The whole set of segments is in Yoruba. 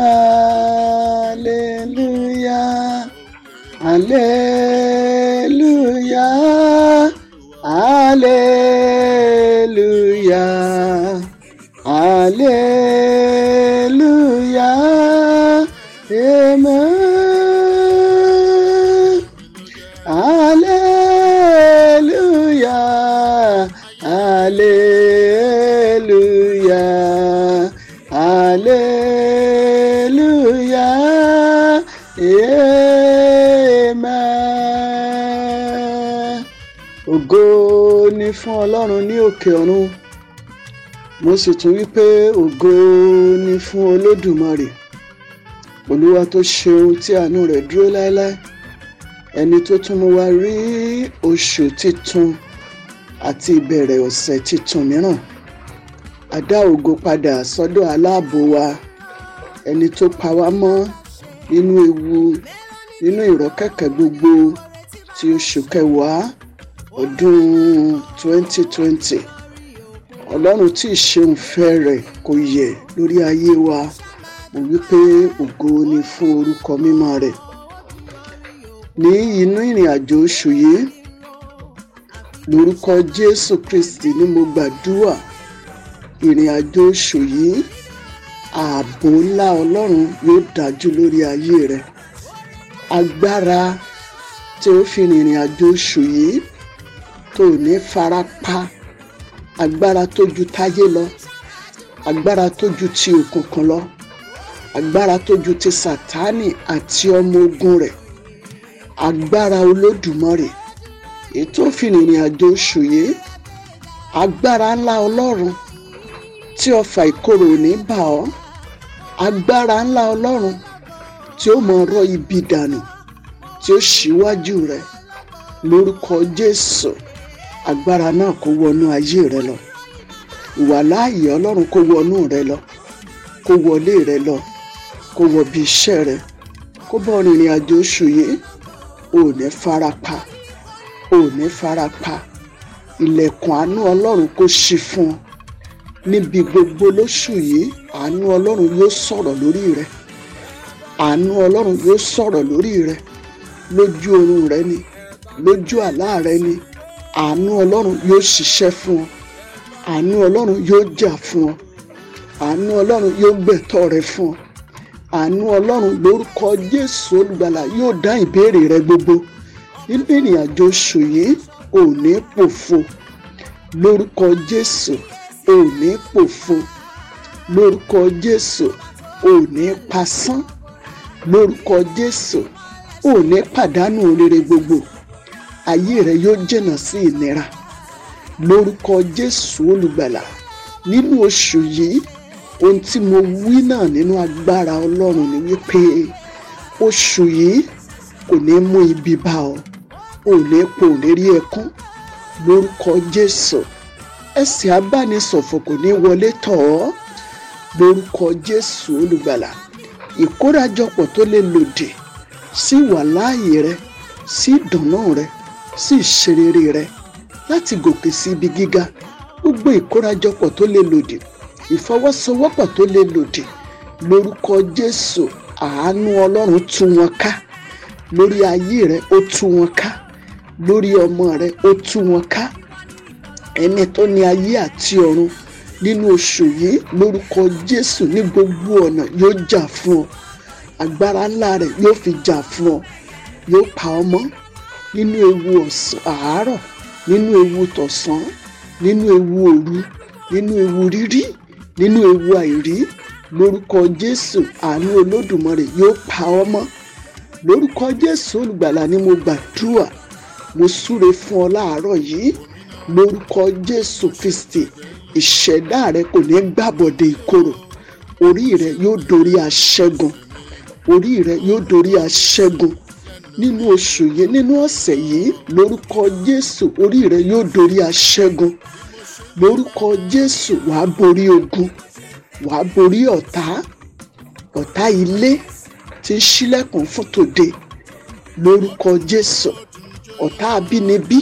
Hallelujah. Hallelujah. Hallelujah. Hallelujah. Amen. Hallelujah. Hallelujah. fún Ọlọ́run ní òkè ọ̀run mo sì tún wí pé ògo ni fún Olódùmarè Olúwa tó ṣeun tí àánú rẹ̀ dúró láéláé ẹni tó tún mú wa rí oṣù titun àti ìbẹ̀rẹ̀ ọ̀sẹ̀ titun mìíràn a dá ògo padà sọ́dọ̀ aláàbò wa ẹni tó pa wá mọ́ nínú ewu nínú ìrọ́kẹ̀kẹ̀ gbogbo tí oṣù kẹwàá ọdún 2020 ọlọ́run tí ìṣeun fẹ́ rẹ̀ kò yẹ lórí ayé wa mo wí pé ògo ni fún orúkọ mímọ́ rẹ̀ ní inú ìrìn àjò oṣù yìí lórúkọ jésù kristi ni mo gbàdúrà ìrìn àjò oṣù yìí ààbò ńlá ọlọ́run yóò dájú lórí ayé rẹ agbára tí ó fi rìnrìn àjò oṣù yìí tó ní fara pa agbára tó ju táyé lọ agbára tó ju ti òkùnkùn lọ agbára tó ju ti sátánì àti ọmọ ogun rẹ̀ agbára olódùmarè ètò òfinìrìn àjò oṣù yìí agbára ńlá ọlọ́run tí ọfà ìkorò ò ní bà ọ́ agbára ńlá ọlọ́run tí ó mọ ọ̀rọ̀ ibi dànù tí ó ṣíwájú rẹ lórúkọ Jésù agbára náà kó wọnú ayé rẹ lọ ìwàláàyè ọlọ́run kó wọnú rẹ lọ kó wọlé rẹ lọ kó wọ bí iṣẹ́ rẹ kó bọ́ rìnrìn àjò oṣù yìí ò ní farapa ò ní farapa ilẹ̀kùn àánú ọlọ́run kó ṣí fún ọ níbi gbogbo lóṣù yìí àánú ọlọ́run yóò sọ̀rọ̀ lórí rẹ àánú ọlọ́run yóò sọ̀rọ̀ lórí rẹ lójú oorun rẹ ni lójú àlá rẹ ni àánú ọlọ́run yóò ṣiṣẹ́ fún ọ àánú ọlọ́run yóò jà fún ọ àánú ọlọ́run yóò gbẹ̀tọ́ rẹ fún ọ àánú ọlọ́run lórúkọ jésù olùgbàlà yóò dá ìbéèrè rẹ gbogbo nínú ìrìn àjò oṣù yìí ò ní pòfo lórúkọ jésù ò pòfo lórúkọ jésù ò pasán lórúkọ jésù ò pàdánù oríire gbogbo ayé rẹ yóò jìnnà sí ìnira lórúkọ Jésù olùgbàlà nínú oṣù yìí ohun tí mo wí náà nínú agbára Ọlọ́run ni wípé oṣù yìí kò ní mú ibi bá ọ ò ní po ò ní rí ẹkún lórúkọ Jésù ẹsẹ̀ abánisọ̀fọ̀ kò ní wọlé tọ̀ ọ́ lórúkọ Jésù olùgbàlà ìkórajọpọ̀ tó lè lòdì sí wàláàyè rẹ sí ìdùnnú rẹ sí ìṣerere rẹ láti gòkè sí ibi gíga gbogbo ìkórajọpọ̀ tó lè lòdì ìfọwọ́sowọ́pọ̀ tó lè lòdì lórúkọ Jésù àánú Ọlọ́run tú wọn ká lórí ayé rẹ ó tú wọn ká lórí ọmọ rẹ ó tú wọn ká ẹni tó ní ayé àti ọ̀run nínú oṣù yìí lórúkọ Jésù ní gbogbo ọ̀nà yóò jà fún ọ agbára ńlá rẹ yóò fi jà fún ọ yóò pa ọmọ nínú ewu àárọ̀ nínú ewu tọ̀sán nínú ewu òru nínú ewu rírí nínú ewu àìrí lórúkọ Jésù àánú Olódùmarè yóò pa ọ́ mọ́ lórúkọ Jésù olùgbàlà ni mo gbàdúrà mo súre fún ọ láàárọ̀ yìí lórúkọ Jésù Kristi ìṣẹ̀dá rẹ kò ní gbàbọ̀dé ìkorò orí rẹ yóò dorí aṣẹ́gun orí rẹ yóò dorí aṣẹ́gun nínú oṣù yìí nínú ọ̀sẹ̀ yìí lórúkọ Jésù orí rẹ yóò dorí aṣẹ́gun lórúkọ Jésù wàá borí ogun wàá borí ọ̀tá ọ̀tá ilé tí ń ṣílẹ̀kùn fún tòde lórúkọ Jésù ọ̀tá abínibí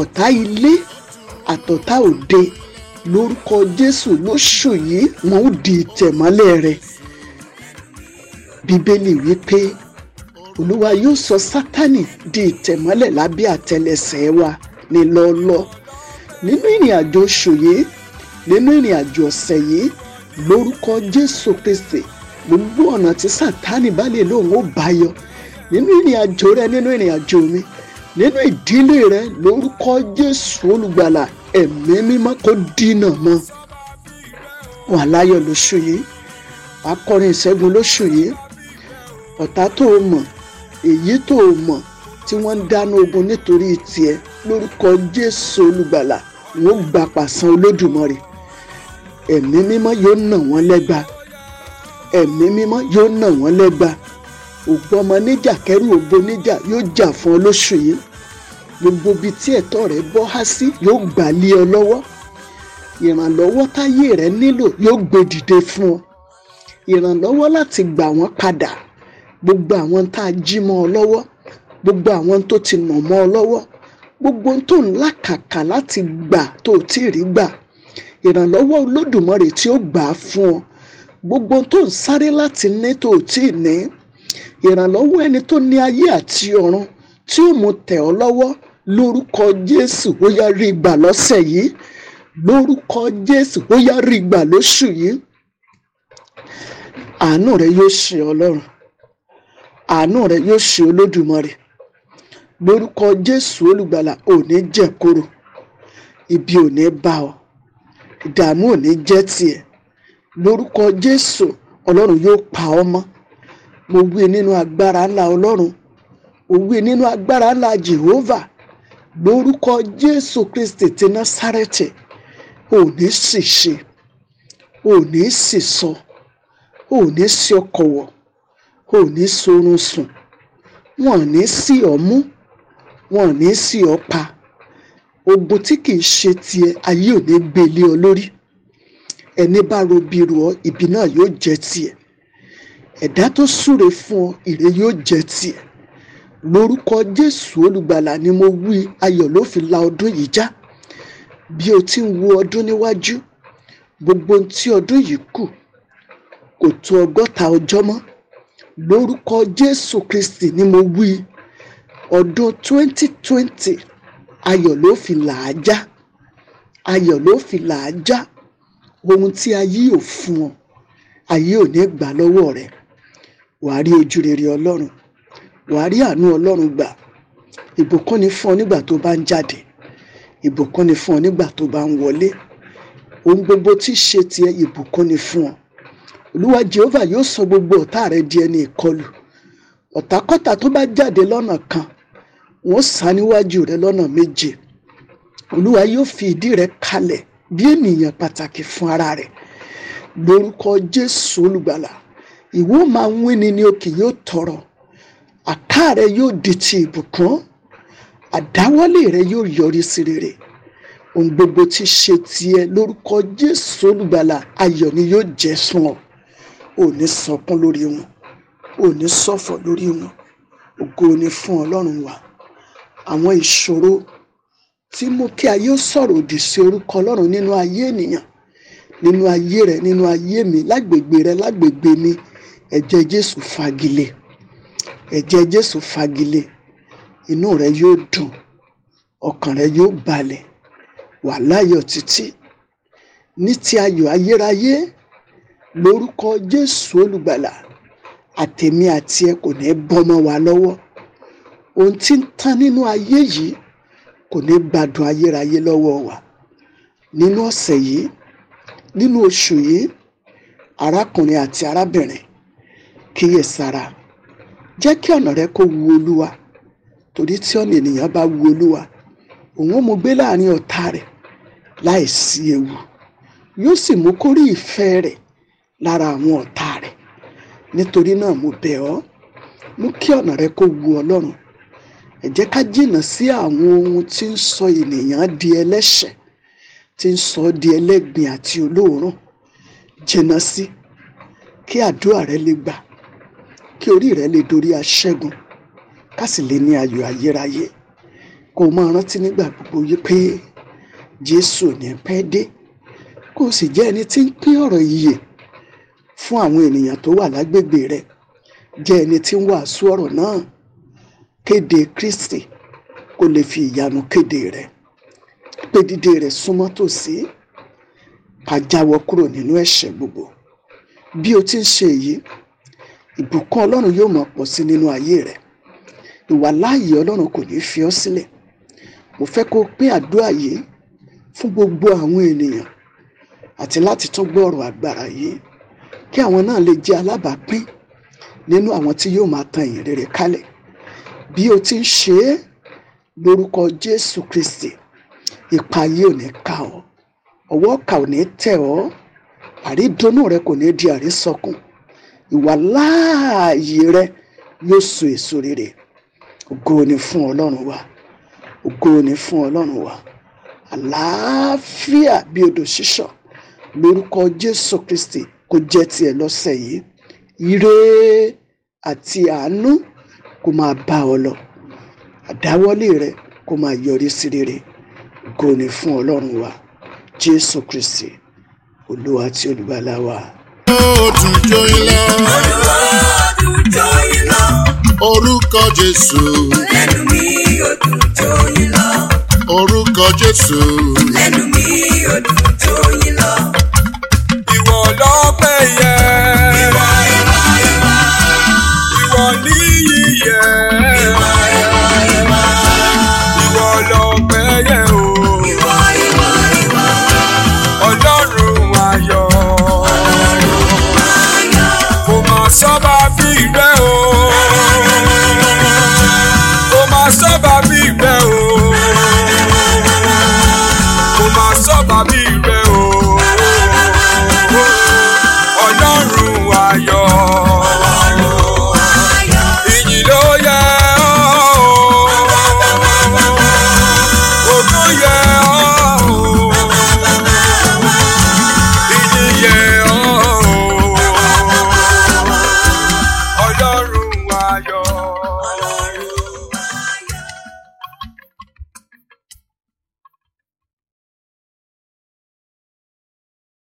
ọ̀tá ilé àtọ̀tá òde lórúkọ Jésù lóṣù yìí wọn ò di ìtẹ̀mọ́lẹ̀ rẹ bíbélì wípé olúwa yóò sọ sátánì di ìtẹ̀mọ́lẹ̀ lábẹ́ àtẹlẹsẹ̀ wa ní lọ́ọ́lọ́ nínú ìrìn àjò oṣù yìí nínú ìrìn àjò ọ̀sẹ̀ yìí lórúkọ jésù kristi gbogbo ọ̀nà tí sátánì bá lè lóun ó báyọ nínú ìrìn àjò rẹ nínú ìrìn àjò mi nínú ìdílé rẹ lórúkọ jésù olùgbàlà ẹ̀mí mímọ́ kó dínà mọ́ wà láyọ̀ lóṣù yìí akọrin ìṣẹ́gun lóṣù yìí ọ̀tá tó o mọ̀ èyí tó o mọ̀ tí wọ́n ń dáná ogun nítorí tiẹ̀ lórúkọ Jésù olùgbàlà wọ́n gbà pàṣán Olódùmarè ẹ̀mí mímọ́ yóò nà wọ́n lẹ́gba ẹ̀mí mímọ́ yóò nà wọ́n lẹ́gba ògbọ́n ọmọ níjà kẹ́rù ògbó níjà yóò jà fún ọ lóṣù yìí gbogbo ibi tí ẹ̀tọ́ rẹ bọ́ há sí yóò gbà lé ọ lọ́wọ́ ìrànlọ́wọ́ táyé rẹ nílò yóò gbé dìde fún ọ ìrànlọ́wọ́ láti gbà wọ́n padà gbogbo àwọn tá a jí mọ́ ọ lọ́wọ́ gbogbo àwọn tó ti nà mọ́ ọ lọ́wọ́ gbogbo tó ń làkàkà láti gbà tó o tí ì rí gbà ìrànlọ́wọ́ olódùmarè tí ó gbà á fún ọ gbogbo tó ń sáré láti ní tó o tí ì ní ìrànlọ́wọ́ ẹni tó ní ayé àti ọ̀run tí ó mú tẹ̀ ọ́ lọ́wọ́ lórúkọ Jésù ó yá rí gbà lọ́sẹ̀ yìí lórúkọ Jésù ó yá rí gbà lóṣù yìí àánú rẹ yóò ṣe Ọlọ́run àánú rẹ yóò ṣe olódùmarè lórúkọ jésù olùgbàlà òní ní jẹ kóró ibi òní bá ọ ìdààmú ò ní jẹ tiẹ̀ lórúkọ jésù ọlọ́run yóò pa ọ mọ́ mo wí nínú agbára ńlá ọlọ́run mo wí nínú agbára ńlá jehova lórúkọ jésù kristi ti násárẹ́tì ò sì ṣe ò sì sọ ò ní sì ọkọ̀ wọ̀ ò ní sorun sùn wọn ò ní sí ọ mú wọn ní sí ọ pa ogun tí kì í ṣe tiẹ̀ ayé ò ní gbé lé ọ lórí ẹni bá ro bí ro ọ ibi náà yóò jẹ tiẹ̀ ẹ̀dá tó súre fún ọ ire yóò jẹ tiẹ̀ lórúkọ Jésù olùgbàlà ni mo wí ayọ̀ ló fi la ọdún yìí já bí o ti ń wo ọdún níwájú gbogbo ohun tí ọdún yìí kù kò tó ọgọ́ta ọjọ́ mọ́ lórúkọ jésù kristi ni mo wí ọdún 2020 ayọ̀ ló fi làájá ayọ̀ ló fi làájá ohun tí ayé ò fún ọ ayé ò ní gbà lọ́wọ́ rẹ wàá rí ojú rere ọlọ́run wàá rí àánú ọlọ́run gbà ìbùkún ni fún ọ nígbà tó bá ń jáde ìbùkún ni fún ọ nígbà tó bá ń wọlé ohun gbogbo tí ṣe tiẹ̀ ìbùkún ni fún ọ olúwa jehova yóò sọ gbogbo ọ̀tá rẹ di ẹni ìkọlù ọ̀tàkọ́tà tó bá jáde lọ́nà kan wọ́n sá níwájú rẹ lọ́nà méje olúwa yóò fi ìdí rẹ kalẹ̀ bí ènìyàn pàtàkì fún ara rẹ lórúkọ jésù olùgbàlà ìwọ máa ń wíni ní òkè yóò tọrọ àká rẹ yóò di ti ìbùkún àdáwọ́lé rẹ yóò yọrí sí rere ohun gbogbo tí ṣe tiẹ̀ lórúkọ jésù olùgbàlà ayọ̀ ni yóò jẹ́ sùn ọ ò ní sọkún lórí wọn ò ní ṣọ̀fọ̀ lórí wọn ògo ni fún Ọlọ́run wa àwọn ìṣòro tí mú kí ayé sọ̀rọ̀ òdì sí orúkọ Ọlọ́run nínú ayé ènìyàn nínú ayé rẹ nínú ayé mi lágbègbè rẹ lágbègbè mi ẹ̀jẹ̀ Jésù fagilé ẹ̀jẹ̀ Jésù fagilé inú rẹ yóò dùn ọkàn rẹ yóò balẹ̀ wà láyọ̀ títí ní ti ayọ̀ ayérayé lórúkọ jésù olùgbàlà àtẹ̀mí àti ẹ kò ní bọ́mọ wa lọ́wọ́ ohun tí ń tán nínú ayé yìí kò ní gbádùn ayérayé lọ́wọ́ wa nínú ọ̀sẹ̀ yìí nínú oṣù yìí arákùnrin àti arábìnrin kíyè sára jẹ́ kí ọ̀nà rẹ kó wu olúwa torí tí ọ̀nà ènìyàn bá wu olúwa òun ó mú gbé láàrin ọ̀tá rẹ̀ láì sí ewu yóò sì mú kórìí ìfẹ́ rẹ̀ lára àwọn ọ̀tá rẹ̀ nítorí náà mo bẹ̀ ọ́ mú kí ọ̀nà rẹ kó wu ọlọ́run ẹ jẹ́ ká jìnnà sí àwọn ohun tí ń sọ ènìyàn di ẹlẹ́ṣẹ̀ tí ń sọ di ẹlẹ́gbin àti olóòórùn jìnnà sí kí àdúrà rẹ lè gbà kí orí rẹ lè dorí aṣẹ́gun ká sì lè ní ayọ̀ ayérayé kó o máa rántí nígbà gbogbo yí pé Jésù ò ní pẹ́ dé kó o sì jẹ́ ẹni tí ń pín ọ̀rọ̀ ìyè fún àwọn ènìyàn tó wà lágbègbè rẹ jẹ́ ẹni tí ń wàásù ọ̀rọ̀ náà kéde Kristi kó lè fi ìyanu kéde rẹ pé dídé rẹ súnmọ́ tòsí ká jáwọ́ kúrò nínú ẹ̀ṣẹ̀ gbogbo bí o ti ń ṣe èyí ìbùkún Ọlọ́run yóò máa pọ̀ sí nínú ayé rẹ ìwàláàyè Ọlọ́run kò ní fi ọ́ sílẹ̀ mo fẹ́ kó o pín àdúrà yìí fún gbogbo àwọn ènìyàn àti láti tún gbọ́ ọ̀rọ̀ agbára yìí kí àwọn náà lè jẹ́ alábàápín nínú àwọn tí yóò máa tan ìyìn rere kálẹ̀ bí o ti ń ṣe é lórúkọ Jésù Kristi ipa yìí ò ní ká ọ ọwọ́ ọ̀kà ò ní tẹ̀ ọ́ àrídọ́nù rẹ kò ní di àrísọkùn ìwà láàyè rẹ yóò so èso rere ògo ni fún Ọlọ́run wa ògo ni fún Ọlọ́run wa àlàáfíà bí odò ṣíṣàn lórúkọ Jésù Kristi kó jẹ́ tiẹ̀ lọ́sẹ̀ yìí ire àti àánú kó máa bá ọ lọ àdáwọ́lé rẹ kó máa yọrí sí rere ògo fún ọlọ́run wa jésù kristi olúwa àti olùgbàlà wa. òdùjọ orúkọ jésù lẹ́nu mi òdùjọ ilá orúkọ jésù lẹ́nu love, yeah.